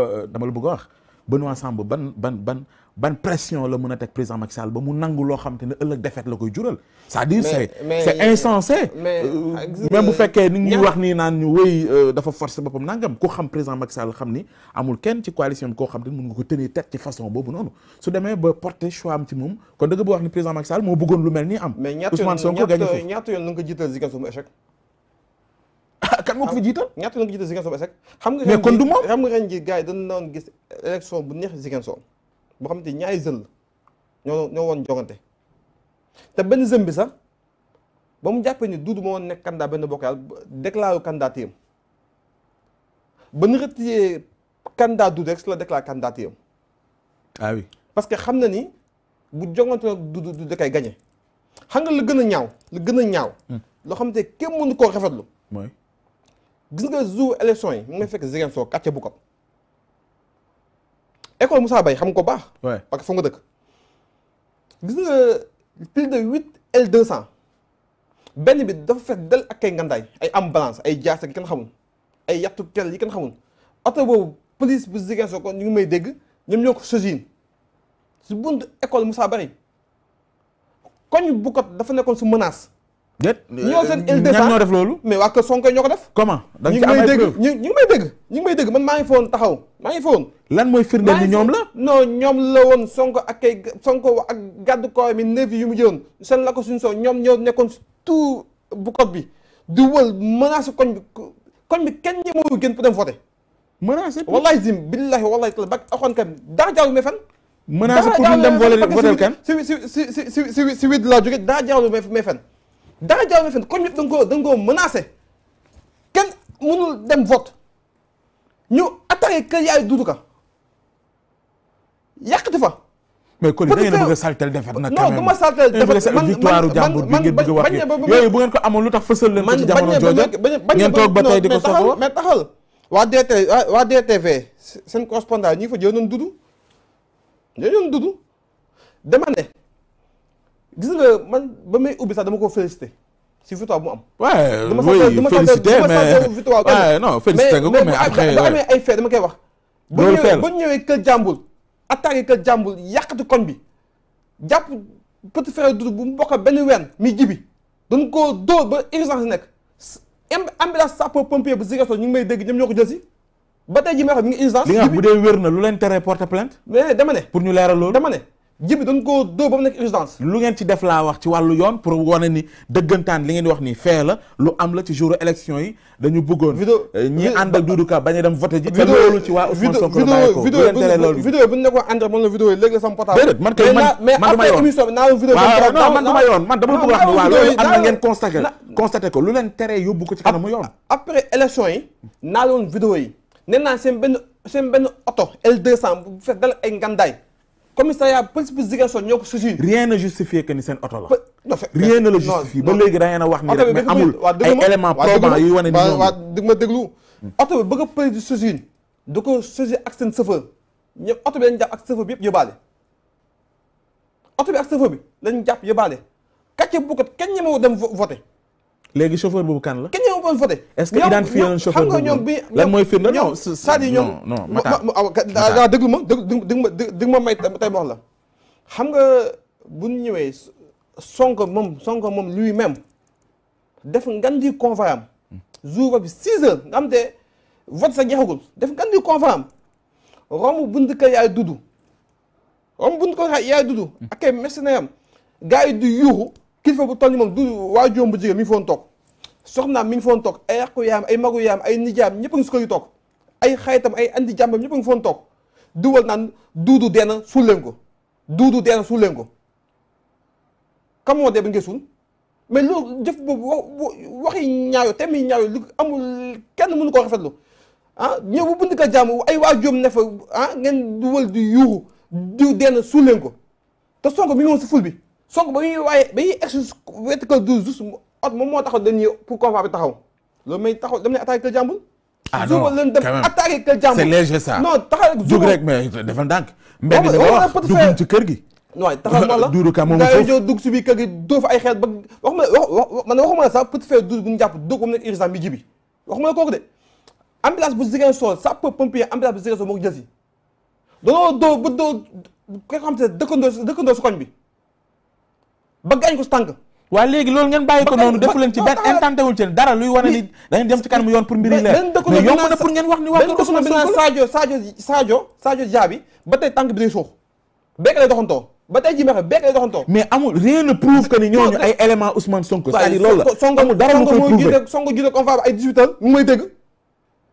Euh, dama la bëgg a wax Benoît Sambou ban ban ban ban pression la mën a teg président Macky ba mu nangu loo xam te ne ëllëg défaite la koy jural c'est-à-dire c'est c'est insensé euh, même bu fekkee ni ngi wax nii naan ñu wéy euh, dafa forcer boppam nangam ku xam président Macky xam ni amul kenn ci coalition koo xam te ne mën nga ko tenir tête ci façon boobu noonu su demee ba porter choix am ci moom kon dëgg bu wax ni président Macky moo bëggoon lu mel nii am Ousmane Sonko gagné ko jiital kan moo ko fi jiital ñett la ko xam nga mais kon du moom xam nga ren ji gars yi dañ bu neex Ziguinchor boo xam te ñaari jeune ñoo woon jogante te benn jeune bi sax ba mu jàppee ni Doudou woon nekk candidat benn bokk yàlla déclaré candidature am ba ñu si la déclaré candidature am ah parce que xam na ni bu jogante nag Doudou du dakay gagné xam nga la gën a ñaaw la gën a ñaaw hmm. loo xam te kenn mënu koo rafetlu mooy gis nga jour élection yi mu ngi fekk Ziguinchor quartier bu ko école Moussa Baye xam ko baax. waay parce que fa nga dëkk. gis nga plus de huit L200 benn bi dafa fekk dël ak ay ngandaay ay ambulance ay jaas yi kenn xamul ay yattu kel yi kenn xamul oto boobu police bu Ziguinchor ko ñu ngi may dégg ñoom ñoo ko saisine si bunt école Moussa Baye koñ bu dafa nekkoon su menace. déet euh, ñoo seen L200 ah. def loolu. mais waa Kër Sonko ñoo ko def. comment da nga ci ay preuve ñu may dégg ñu ngi may man maa ngi fa taxaw maa lan mooy firndeel ni ñoom la. non ñoom la woon Sonko ak kay Sonko ak gàddu koo mi neef la ko suñu soo ñoom ñoo nekkoon tout bu kot bi du wël menace koñ bi koñ bi kenn ñi moo gën pour dem voter. menace bi daa jaaw me fan. menace pour ñu dem voter kan si si si si si si si dara jaay ma fen comme yëpp da nga koo da nga koo menacé kenn mënul dem vote ñu attaqué kër yaay Doudou Ka yàqati fa. mais kon da ngeen a bëgg a saltel defet nag. non du ma saltel defet man victoire jàmbur bi ngeen bëgg a wax yooyu bu ngeen ko amoon lu tax fësal leen ko ci jamono jooju ngeen toog ba tey di ko soog mais taxal waa DT waa DTV seen correspondant ñi fa jëloon Doudou jëloon Doudou dama ne gis nga man ba may ubbi sax dama ko félicité si victoire bu mu am. dama félicité mais non félicité nga ko mais après bu amee ay fee dama koy wax. loolu fee la ba ñëwee kër jàmbur. attaqué kër jàmbur yàqati koñ bi jàpp petit frère Doudou bu mu bokk benn ween mi jibi dañ koo ba urgence nekk. ambulance sapeur pompier bu Ziguinchor ñu may dégg ñoom ñoo ko jël si. ba tey ji may wax mi ngi urgence. li nga bu dee wér na lu leen teree porte plainte. mais dama ne pour ñu leeral loolu dama ne. jibi dañ ko dóor ba mu nekk résidence lu ngeen ci def laa wax ci wàllu yoon pour wane ni dëggantaan li ngeen di wax ni fee la lu am la ci jour élection yi dañu bëggoon euh, ñi ànd ak Doudou Ka bañ dem voté ji te loolu ci waa Ousmane Sonko loolu vidéo bu ñu ne ko André mën la vidéo léegi la sama portable déedéet man kay man mais après émission bi naa la vidéo man dama yoon man dama bëgg wax ni waa loolu am na ngeen constaté constaté ko lu leen yi nee naa seen benn seen benn oto L200 bu fekk dal ay commissariat police bu Ziguinchor ñoo ko saisir. rien ne justifie que ni la. rien ne la justifie ba a wax ni rek mais amul ay éléments probants yuy wane ni ñoom. waaw dëgg ma déglu. oto bi bëgg a di saisir da ko saisir ak seen chauffeur ñoom oto bi lañ jàpp ak chauffeur bi yëpp oto bi ak chauffeur bi lañ jàpp yóbbaale kàcce bu ko kenn ñemewu dem voté. léegi chauffeur boobu kan la. kenn ñëw ko voté. est-ce chauffeur boobu ñoom mooy firnde la non c'est-à-dire ñoom. non non ma déglu ma may tey wax la. xam nga bu ñëwee Sonko moom Sonko moom lui-même def ngan di am. jour ba bi 6 heures nga xam te vote sa jeexagul def ngan di convoi am romb bunt kër yaay dudd romb bunt kër yaay dudd. Hmm. ak ay am gars yi du yuuxu. kilifa bu toll ni moom du waajuram bu jigéen mi ngi foon toog soxnaam mi ngi toog ay yàqu yaam ay magu yaam ay nijaam ñëpp a ngi si koy toog ay xayitam ay andi jàmbam ñëpp a toog duwal naan duudu deena suul ko duudu deena suul leen ko kam moo dee ba ngeen suul mais loolu amul kenn mënu koo rafetlu ah ñëw bu jàmm ay waajuram ne fa ah ngeen duwal leen ko te Sonko mi ngi woon si ful bi Sonko ba muy waaye ba ñuy excuse vertical 12 juste ot moom moo taxaw dañuy pour combat bi taxaw loolu may taxaw dem ne attaqué kër jàmbur. ah non quand même dem attaqué mais dafa ndànk. mbedd ci kër gi. waaw taxaw noonu la duuru ka moom foofu dugg si biir kër gi dóor fa ay xeet ba wax man waxuma la sax petit frère douze bu ñu jàpp dóor ko mu nekk urgence bi ji bi waxuma la kooku de ambulance bu Ziguinchor sapeur pompier ambulance bu Ziguinchor moo ko jël si. dañoo dóor ba dóor ko xam te dëkkandoo dëkkandoo si bi ba gaañ ko si tànk waaw léegi loolu ngeen bàyyi ko noonu defu leen ci benn intenté wul ci dara luy wane ni da ngeen dem ci kanamu yoon pour mbiri leer mais yomb pour ngeen wax ni waako dëkk bi ba tey tànk bi day suux bekk lay doxantoo ba tey ji ma xam bekk lay doxantoo mais amul rien ne prouve que ni ñooñu ay élément Ousmane Sonko c'est-à-dire loolu la Sonko ay 18 mu may dégg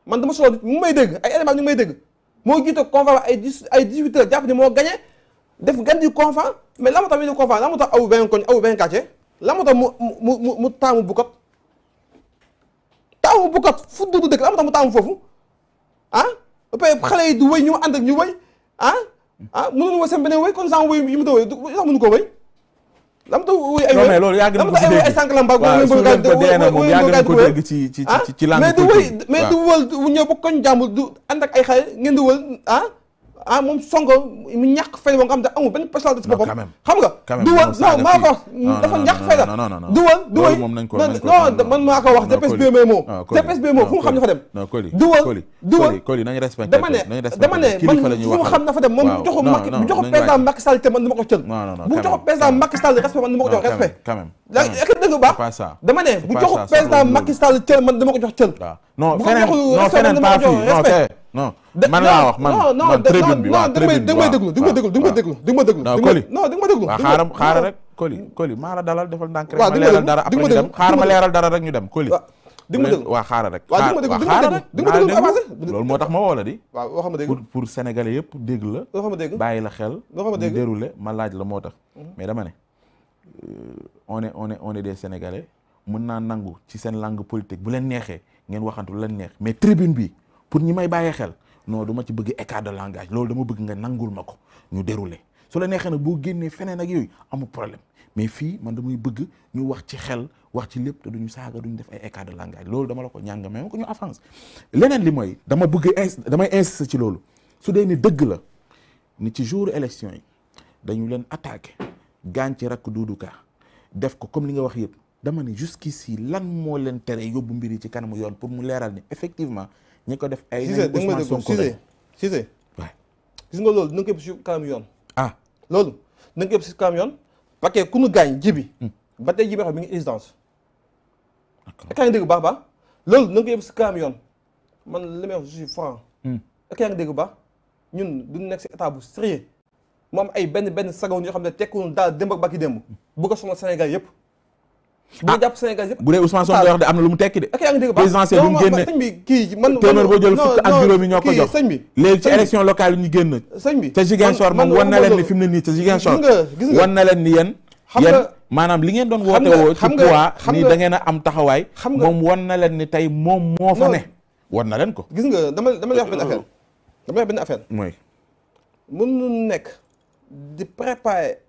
man dama solo mu may dégg ay élément ñu may dégg moo jiite conférence ay ay 18 jàpp ni moo gagné def ngeen di confant mais la moo mu tax aw benn aw benn quartier la moo tax mu mu mu mu taamu Bukot taamu Bukot fu du dëkk la moo mu taamu foofu ah ba pare xale yi du wëy ñu ànd ak ñu wëy ah ah mënuñu wëy seen beneen wëy kon sans wëy yi mu ta wëy du sax ko wëy la mu tax wuy ay wéy loolu yàgg nañ ko ci ay sànq la mbaa waaw su leen ko du wëy mais du wël ñëw ba koñ jàmbur du ànd ak ay xale ngeen di wël ah? ah moom songo mu ñàkk fay woo nga xam ne amul benn personnalité ci boppam xam nga duwa non maa ko wax dafa ñàkk fay la duwa duwa non man maa ko wax DPS bi mooy moom DPS bi moom fu mu xam dafa dem duwa duwa dama ne dama ne man fu mu xam dafa dem moom bu joxu Macky bu joxu président Macky Sall te man du ma ko cën bu joxu président Macky Sall respect man du ma ko jox respect est-ce que dëgg bu dama ne bu joxu président Macky Sall cër man dama ko jox cër non feneen non feneen pas fii non c'est non wax man man tribune bi waaw tribune bi waaw non da nga may déglu da nga may déglu da nga may déglu da nga may da nga may déglu waaw xaaral xaaral rek Coly ma leeral dara dem xaaral ma leeral dara rek ñu dem Coly di ma déglu waaw rek waaw di ma déglu di ma loolu moo tax ma woo di waaw waxama dégg pour pour sénégalais yëpp dégg la waxama dégg bàyyi la xel waxama dégg déroulé laaj la moo tax mais dama ne Euh, one est on est des sénégalais mën naa nangu ci seen langue politique bu leen neexee ngeen waxantu leen neex mais tribune bi pour ñi may bàyyi xel non duma ci bëgg écart de langage loolu dama bëgg nga nangul ma ko ñu dérouler su la neexee nag boo génnee feneen ak yooyu amul problème mais fii man damay bëgg ñu wax ci xel wax ci lépp te duñu saaga duñu def ay écart de langage loolu dama la ko ñàng mais ma ko ñu avance leneen li mooy dama bëgg in damay insister ci loolu su dee ni dëgg la ni ci jour élection yi dañu leen attaqué gaañ ci rakk du Ka def ko comme li nga wax yëpp dama ne jusqu'ici lan moo leen tere yóbbu mbir yi ci kanamu yoon pour mu leeral ni effectivement ñi ko def ay nañ Ousmane Sonko Cissé waay gis nga loolu dina ko yëpp si kanamu ah. loolu dina ko yëpp si kanamu yoon parce que ku jibi hmm. ba tey jibi mi ngi résidence yaa ngi dégg bu baax baax loolu si man li may wax je suis franc hmm. yaa ngi dégg bu ñun du nekk si état bu sérieux mu am ay benn benn sagaw yoo xam ne tekkuñu daal démb ak bàkki démb bu ko soxla Sénégal yëpp bu ah. jàpp Sénégal yëpp bu dee Ousmane Sonko wax de am na lu mu tekki de ok yaa ngi dégg présidentiel bi mu génne sëñ bi kii man téeméer boo jël fukk ak juróomi ñoo ko jox sëñ bi léegi ci élection locale yi ñu génn sëñ bi te Ziguinchor moom wan na leen ni fi mu ne nii te Ziguinchor wan na leen ni yéen yéen maanaam li ngeen doon woote woo ci poids ni da ngeen a am taxawaay moom wan na leen ni tey moom moo fa ne wan na leen ko gis nga dama dama lay wax benn euh, affaire euh, euh. dama lay wax benn affaire mooy mënul nekk di préparer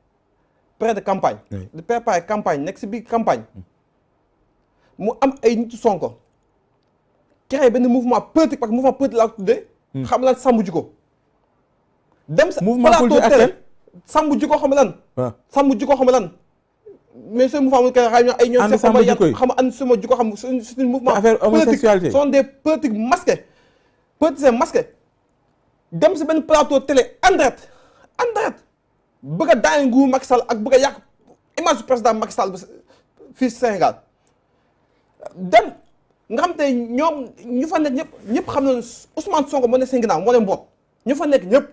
près de campagne. di préparer campagne nekk si biir campagne. mu am ay nitu Sonko. créé benn mouvement politique parce que mouvement politique laa ko tuddee. Hmm. xam lan sàmm jikko. dem sa plateau télé sàmm jikko xam lan. waaw ah. sàmm jikko xam lan. mais seen mouvement amul kenn xayma ay ñoom. ànd sàmm jikko yi xam ànd sàmm jikko xam suñu mouvement. affaire homosexualité sont des politiques masqués. politiciens masqués. dem si benn plateau télé en direct bëgg a daane nguuru Sall ak bëgg a yàq image du président Macky Sall fii Sénégal dem nga xam te ñoom ñu fa nekk ñëpp ñëpp xam nañu Ousmane Sonko moo ne seen ginnaaw moo leen boot ñu fa nekk ñëpp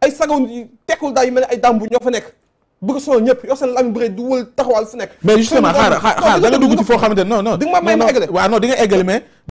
ay sagaw tekkul daal yu mel ne ay dàmbu ñoo fa nekk bëgg sonal ñëpp yor seen lami bëre du wël taxawal fu nekk mais justement xaar xaar da nga dugg ci foo xamante ne non non di nga ma may ma eggale waaw non di eggale mais